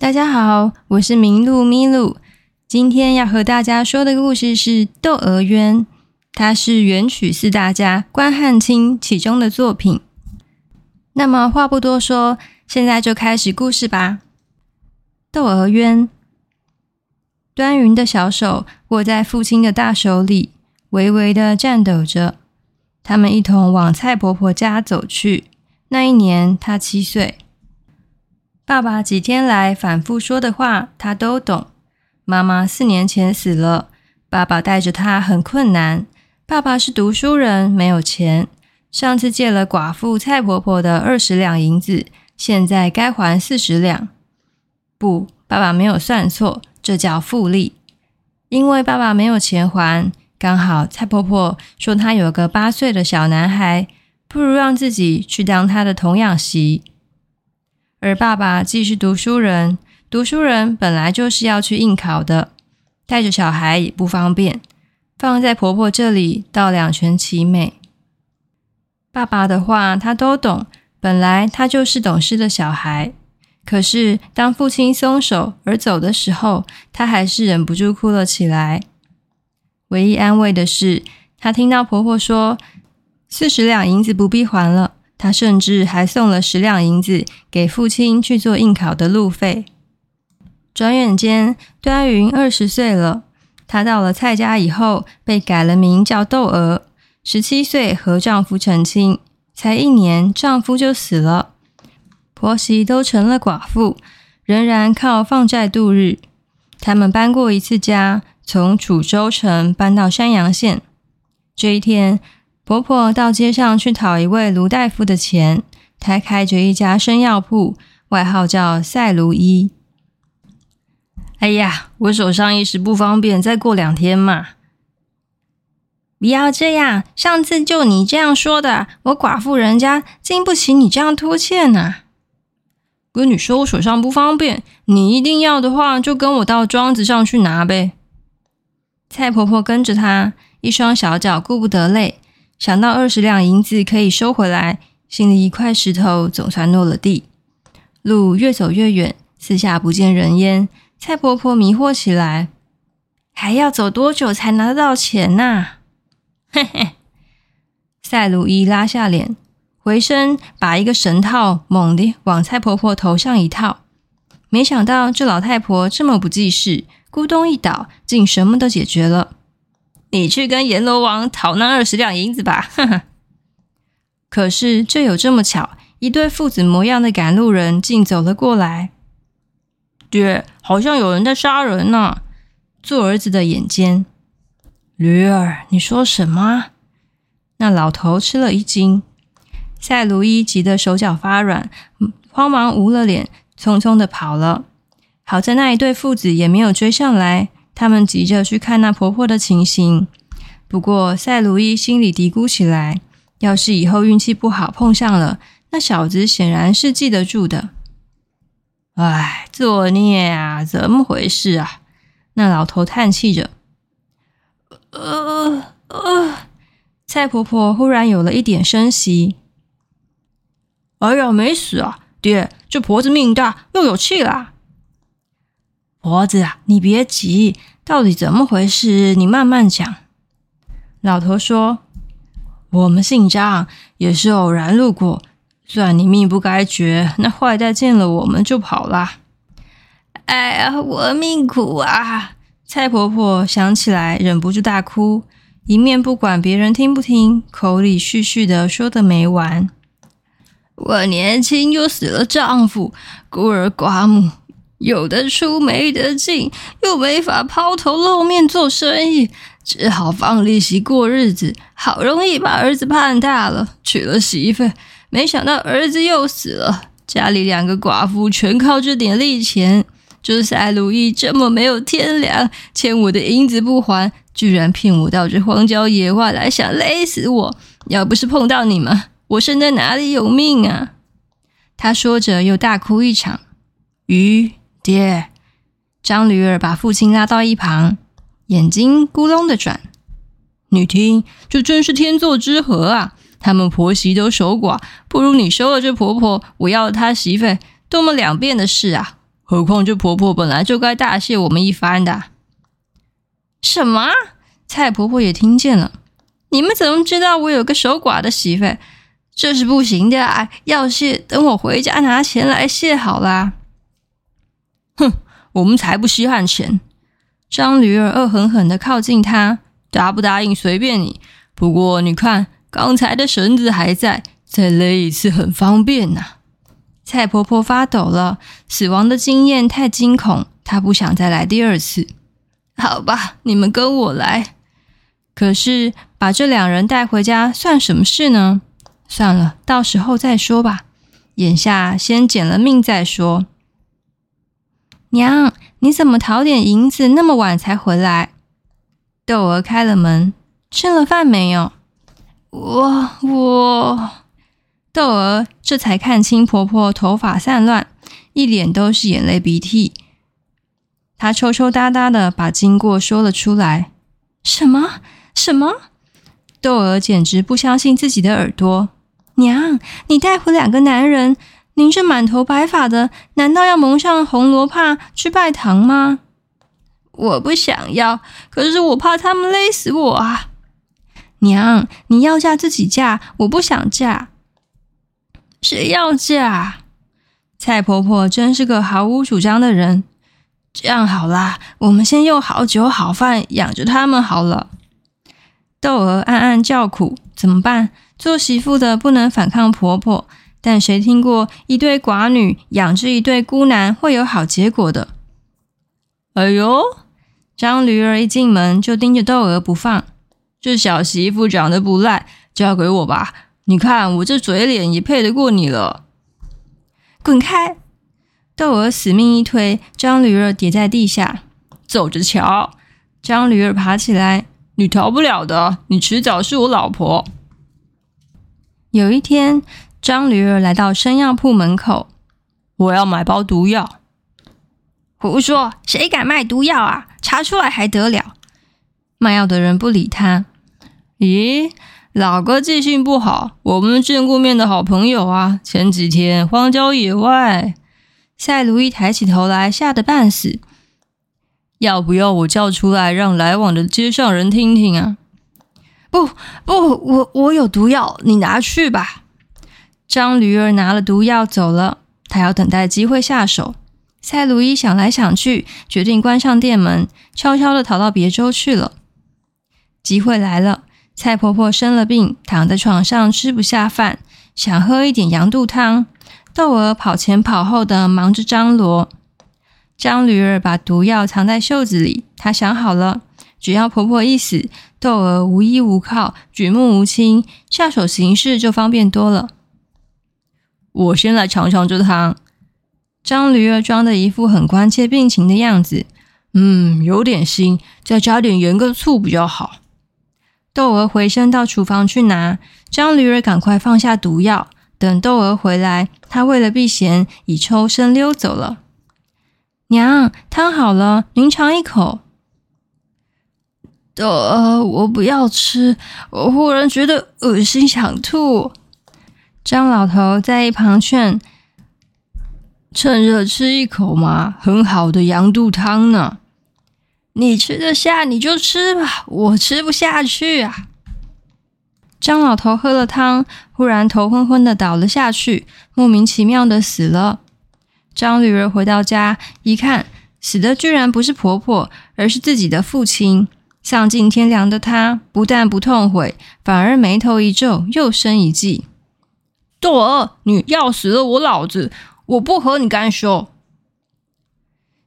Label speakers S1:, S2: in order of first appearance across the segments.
S1: 大家好，我是鳴鹿咪鹿。今天要和大家說的故事是《竇娥冤》，它是元曲四大家關漢卿其中的作品。那麼話不多說，現在就開始故事吧。竇娥冤。端雲的小手握在父親的大手裡，微微的顫抖着。他們一同往蔡婆婆家走去。那一年，她七歲。爸爸幾天來反覆說的話，他都懂。媽媽四年前死了，爸爸帶着他很困難。爸爸是讀書人，沒有錢。上次借了寡婦蔡婆婆的二十兩銀子，現在該還四十兩。不，爸爸沒有算錯，這叫複利。因為爸爸沒有錢還，剛好蔡婆婆說她有個八歲的小男孩，不如讓自己去當她的童養媳。而爸爸既是讀書人，讀書人本來就是要去應考的，帶着小孩也不方便，放在婆婆這裡倒兩全其美。爸爸的話他都懂，本來他就是懂事的小孩，可是當父親鬆手而走的時候，他還是忍不住哭了起來。唯一安慰的是，他聽到婆婆說：“四十兩銀子不必還了。”他甚至還送了十兩銀子給父親去做應考的路費。轉眼間，端雲二十歲了。她到了蔡家以後，被改了名叫竇娥。十七歲和丈夫成親，才一年，丈夫就死了。婆媳都成了寡婦，仍然靠放債度日。他們搬過一次家，從楚州城搬到山陽縣。這一天。婆婆到街上去討一位盧大夫的錢，他開着一家生藥鋪，外號叫賽盧醫。哎呀，我手上一時不方便，再過兩天嘛。不要這樣，上次就你這樣說的，我寡婦人家經不起你這樣拖欠吶，啊。閨女說我手上不方便，你一定要的話，就跟我到莊子上去拿唄。蔡婆婆跟着他，一雙小腳顧不得累。想到二十兩銀子可以收回來，心裡一塊石頭總算落了地。路越走越遠，四下不見人煙，蔡婆婆迷惑起來：還要走多久才拿得到錢吶，啊？嘿嘿，賽盧醫拉下臉，回身把一個繩套猛地往蔡婆婆頭上一套。沒想到這老太婆這麼不濟事，咕咚一倒，竟什麼都解決了。你去跟閻羅王討那二十兩銀子吧，哈哈。可是，就有這麼巧，一對父子模樣的趕路人竟走了過來。爹，好像有人在殺人呢，啊！做兒子的眼尖，驢兒，你說什麼？那老頭吃了一驚，賽盧醫急得手腳發軟，慌忙捂了臉，匆匆的跑了。好在那一對父子也沒有追上來。他們急着去看那婆婆的情形，不過賽盧醫心裡嘀咕起來：要是以後運氣不好碰上了，那小子顯然是記得住的。唉，作孽啊！怎麼回事啊？那老頭嘆氣着。呃呃呃！蔡婆婆忽然有了一點聲息。哎呀，沒死啊！爹，這婆子命大，又有氣啦。婆子啊，你別急，到底怎麼回事？你慢慢講。老頭說：“我們姓張，也是偶然路過。算你命不該絕，那壞蛋見了我們就跑啦。”哎呀，我命苦啊！蔡婆婆想起來，忍不住大哭，一面不管別人聽不聽，口裡絮絮的說的沒完：“我年輕就死了丈夫，孤兒寡母。”有得出沒得進，又沒法拋頭露面做生意，只好放利息過日子。好容易把兒子盼大了，娶了媳婦，沒想到兒子又死了。家裡兩個寡婦全靠這點利錢。這賽盧醫這麼沒有天良，欠我的銀子不還，居然騙我到這荒郊野外來，想勒死我。要不是碰到你們，我身在哪裡有命啊？她說着又大哭一場。魚爹，張驢兒把父親拉到一旁，眼睛咕隆的轉。你聽，這真是天作之合啊！他們婆媳都守寡，不如你收了這婆婆，我要了她媳婦，多麼兩便的事啊！何況這婆婆本來就該大謝我們一番的。什麼？蔡婆婆也聽見了，你們怎麼知道我有個守寡的媳婦？這是不行的啊！要謝，等我回家拿錢來謝好啦。我們才不稀罕錢！張驢兒惡狠狠的靠近他，答不答應隨便你。不過你看，剛才的繩子還在，再勒一次很方便吶。蔡婆婆發抖了，死亡的經驗太驚恐，她不想再來第二次。好吧，你們跟我來。可是把這兩人帶回家算什麼事呢？算了，到時候再說吧。眼下先撿了命再說。娘，你怎麼討點銀子那麼晚才回來？竇娥開了門，吃了飯沒有？我我竇娥這才看清婆婆頭髮散亂，一臉都是眼淚鼻涕。她抽抽搭搭的把經過說了出來。什麼什麼？竇娥簡直不相信自己的耳朵。娘，你帶回兩個男人？您這滿頭白髮的，難道要蒙上紅羅帕去拜堂嗎？我不想要，可是我怕他們勒死我啊！娘，你要嫁自己嫁，我不想嫁。誰要嫁？蔡婆婆真是個毫無主張的人。這樣好啦，我們先用好酒好飯養着他們好了。竇娥暗暗叫苦，怎麼辦？做媳婦的不能反抗婆婆。但誰聽過，一對寡女養着一對孤男會有好結果的？哎呦，張驢兒一進門就盯着竇娥不放。這小媳婦長得不賴，交給我吧。你看，我這嘴臉也配得過你了。滾開！竇娥死命一推，張驢兒跌在地下。走着瞧！張驢兒爬起來，你逃不了的，你遲早是我老婆。有一天。張驢兒來到生藥鋪門口，我要買包毒藥。胡說，誰敢賣毒藥啊？查出來還得了？賣藥的人不理他。咦，老哥記性不好，我們見過面的好朋友啊！前幾天荒郊野外，賽盧醫抬起頭來，嚇得半死。要不要我叫出來，讓來往的街上人聽聽啊？不不，我我有毒藥，你拿去吧。張驢兒拿了毒藥走了，他要等待機會下手。蔡如一想來想去，決定關上店門，悄悄的逃到別州去了。機會來了，蔡婆婆生了病，躺在床上吃不下飯，想喝一點羊肚湯。竇娥跑前跑後的忙着張羅。張驢兒把毒藥藏在袖子裡，他想好了，只要婆婆一死，竇娥無依無靠，舉目無親，下手行事就方便多了。我先來嘗嘗這湯。張驢兒裝的一副很關切病情的樣子，嗯，有點腥，再加點鹽跟醋比較好。竇娥回身到廚房去拿。張驢兒趕快放下毒藥，等竇娥回來，她為了避嫌，已抽身溜走了。娘，湯好了，您嘗一口。竇娥，我不要吃，我忽然覺得噁心，想吐。張老頭在一旁勸：“趁熱吃一口嘛，很好的羊肚湯呢。你吃得下你就吃吧，我吃不下去啊。”張老頭喝了湯，忽然頭昏昏的倒了下去，莫名其妙的死了。張驢兒回到家一看，死的居然不是婆婆，而是自己的父親。喪盡天良的他不但不痛悔，反而眉頭一皺，又生一計。竇娥，你藥死了我老子，我不和你干休。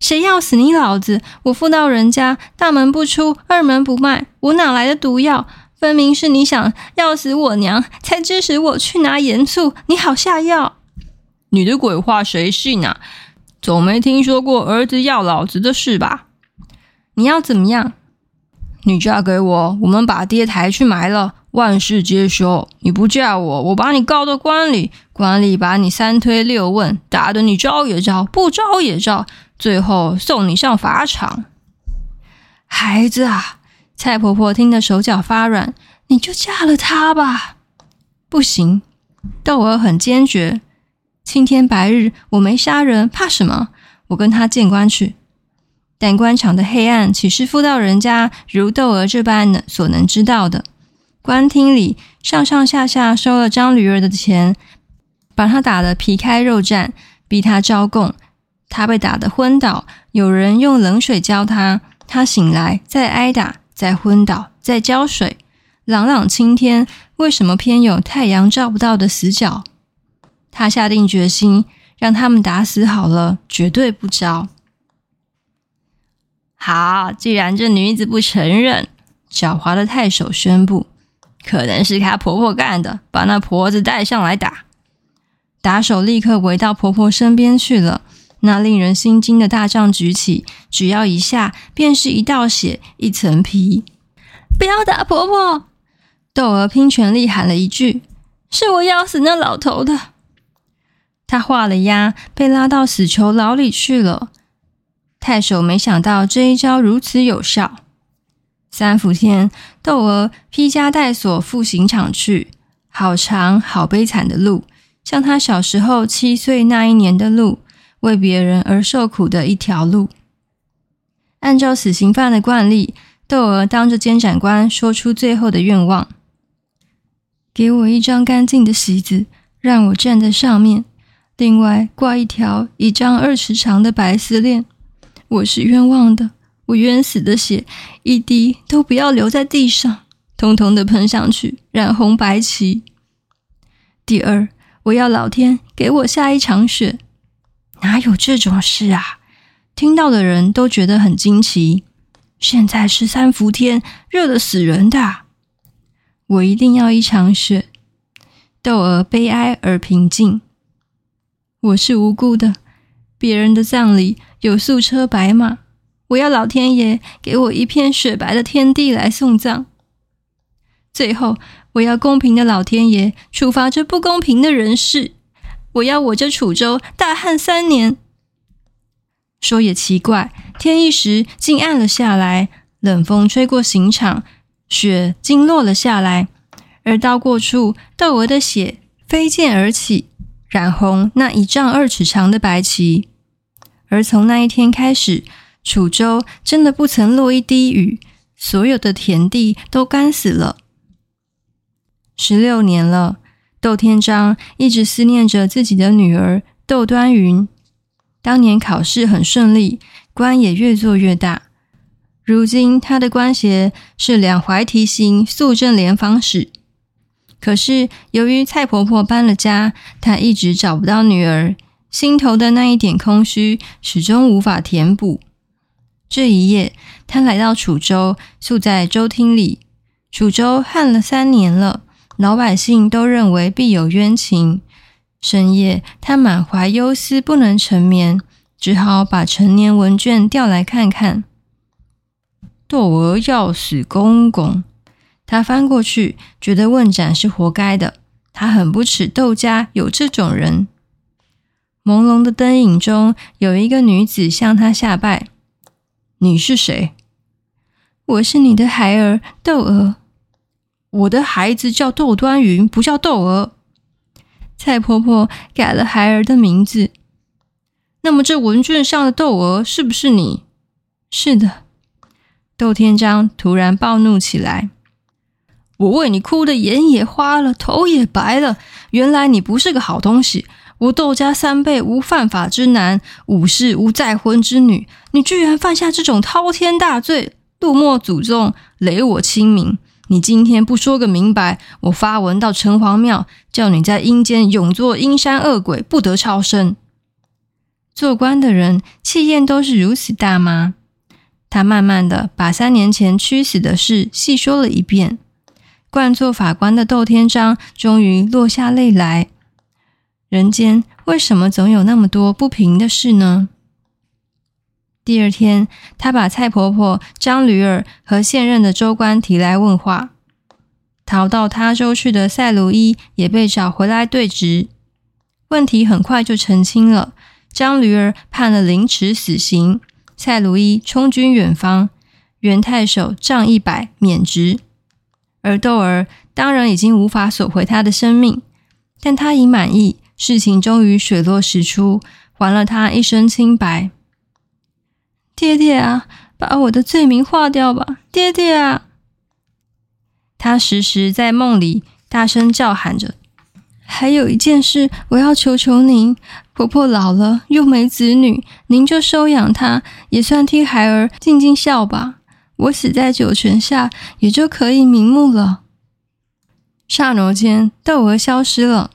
S1: 誰要死你老子？我婦道人家，大門不出，二門不邁，我哪來的毒藥？分明是你想藥死我娘，才指使我去拿鹽醋，你好下藥。你的鬼話誰信啊？總沒聽說過兒子要老子的事吧？你要怎麼樣？你嫁給我，我們把爹抬去埋了。萬事皆休，你不嫁我，我把你告到官裡，官吏把你三推六問，打得你招也招，不招也招，最後送你上法場。孩子啊，蔡婆婆聽得手腳發軟，你就嫁了他吧。不行，竇娥很堅決。青天白日，我沒殺人，怕什麼？我跟他見官去。但官場的黑暗，豈是婦道人家如竇娥這般所能知道的？官廳裡上上下下收了張驢兒的錢，把他打得皮開肉綻，逼他招供。他被打得昏倒，有人用冷水澆他。他醒來，再挨打，再昏倒，再澆水。朗朗青天，為什麼偏有太陽照不到的死角？他下定決心，讓他們打死好了，絕對不招。好，既然這女子不承認，狡猾的太守宣布，可能是她婆婆幹的，把那婆子帶上來打。打手立刻圍到婆婆身邊去了。那令人心驚的大杖舉起，只要一下，便是一道血，一層皮。不要打婆婆！竇娥拼全力喊了一句：“是我藥死那老頭的。”她畫了押，被拉到死囚牢裡去了。太守沒想到這一招如此有效。三伏天，竇娥披枷帶鎖赴刑場去，好長好悲慘的路，像她小時候七歲那一年的路，為別人而受苦的一條路。按照死刑犯的慣例，竇娥當着監斬官說出最後的願望：給我一張乾淨的席子，讓我站在上面；另外掛一條一丈二尺長的白絲鏈。我是冤枉的。我冤死的血，一滴都不要留在地上，通通的噴上去，染紅白旗。第二，我要老天給我下一場雪。哪有這種事啊？聽到的人都覺得很驚奇。現在是三伏天，熱得死人的。我一定要一場雪。竇娥悲哀而平靜。我是無辜的，別人的葬禮有素車白馬。我要老天爺給我一片雪白的天地來送葬。最後，我要公平的老天爺處罰這不公平的人事。我要我這楚州大旱三年。說也奇怪，天一時竟暗了下來，冷風吹過刑場，雪竟落了下來，而刀過處，竇娥的血飛濺而起，染紅那一丈二尺長的白旗。而從那一天開始。楚州真的不曾落一滴雨，所有的田地都乾死了。十六年了，竇天章一直思念着自己的女兒竇端雲。當年考試很順利，官也越做越大。如今他的官銜是兩淮提刑肅政廉訪使。可是由於蔡婆婆搬了家，她一直找不到女兒，心頭的那一點空虛始終無法填補。這一夜，他來到楚州，宿在州廳裡。楚州旱了三年了，老百姓都認為必有冤情。深夜，他滿懷憂思，不能成眠，只好把陳年文卷調來看看。竇娥藥死公公，他翻過去，覺得問斬是活該的。他很不齒竇家有這種人。朦朧的燈影中，有一個女子向他下拜。你是誰？我是你的孩兒竇娥。我的孩子叫竇端雲，不叫竇娥。蔡婆婆改了孩兒的名字。那麼這文卷上的竇娥是不是你？是的。竇天章突然暴怒起來，我為你哭得眼也花了，頭也白了，原來你不是個好東西。我竇家三輩，無犯法之男，五世無再婚之女。你居然犯下這種滔天大罪，辱沒祖宗，累我清明。你今天不說個明白，我發文到城隍廟，叫你在陰間永做陰山惡鬼，不得超生。做官的人氣焰都是如此大嗎？他慢慢的把三年前屈死的事細說了一遍。慣做法官的竇天章終於落下淚來。人間為什麼總有那麼多不平的事呢？第二天，他把蔡婆婆、張驢兒和現任的州官提來問話。逃到他州去的賽盧醫也被找回來對質。問題很快就澄清了。張驢兒判了凌遲死刑，賽盧醫充軍遠方。袁太守杖一百，免職。而竇娥當然已經無法索回他的生命，但他已滿意。事情終於水落石出，還了他一身清白。爹爹啊，把我的罪名化掉吧，爹爹啊！他時時在夢裡大聲叫喊着。還有一件事，我要求求您，婆婆老了又沒子女，您就收養她，也算替孩兒盡盡孝吧。我死在九泉下，也就可以瞑目了。剎那間，竇娥消失了。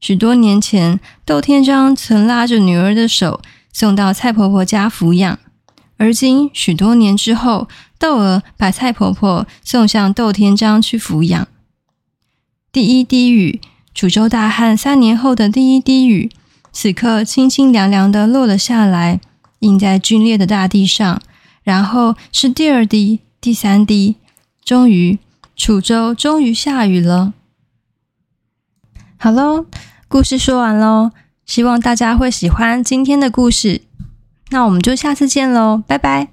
S1: 許多年前，竇天章曾拉着女兒的手送到蔡婆婆家撫養。而今，許多年之後，竇娥把蔡婆婆送向竇天章去撫養。第一滴雨，楚州大旱三年後的第一滴雨，此刻清清涼涼的落了下來，印在龜裂的大地上。然後是第二滴，第三滴，終於，楚州終於下雨了。好嘍，故事說完嘍，希望大家會喜歡今天的故事。那我們就下次見嘍，拜拜。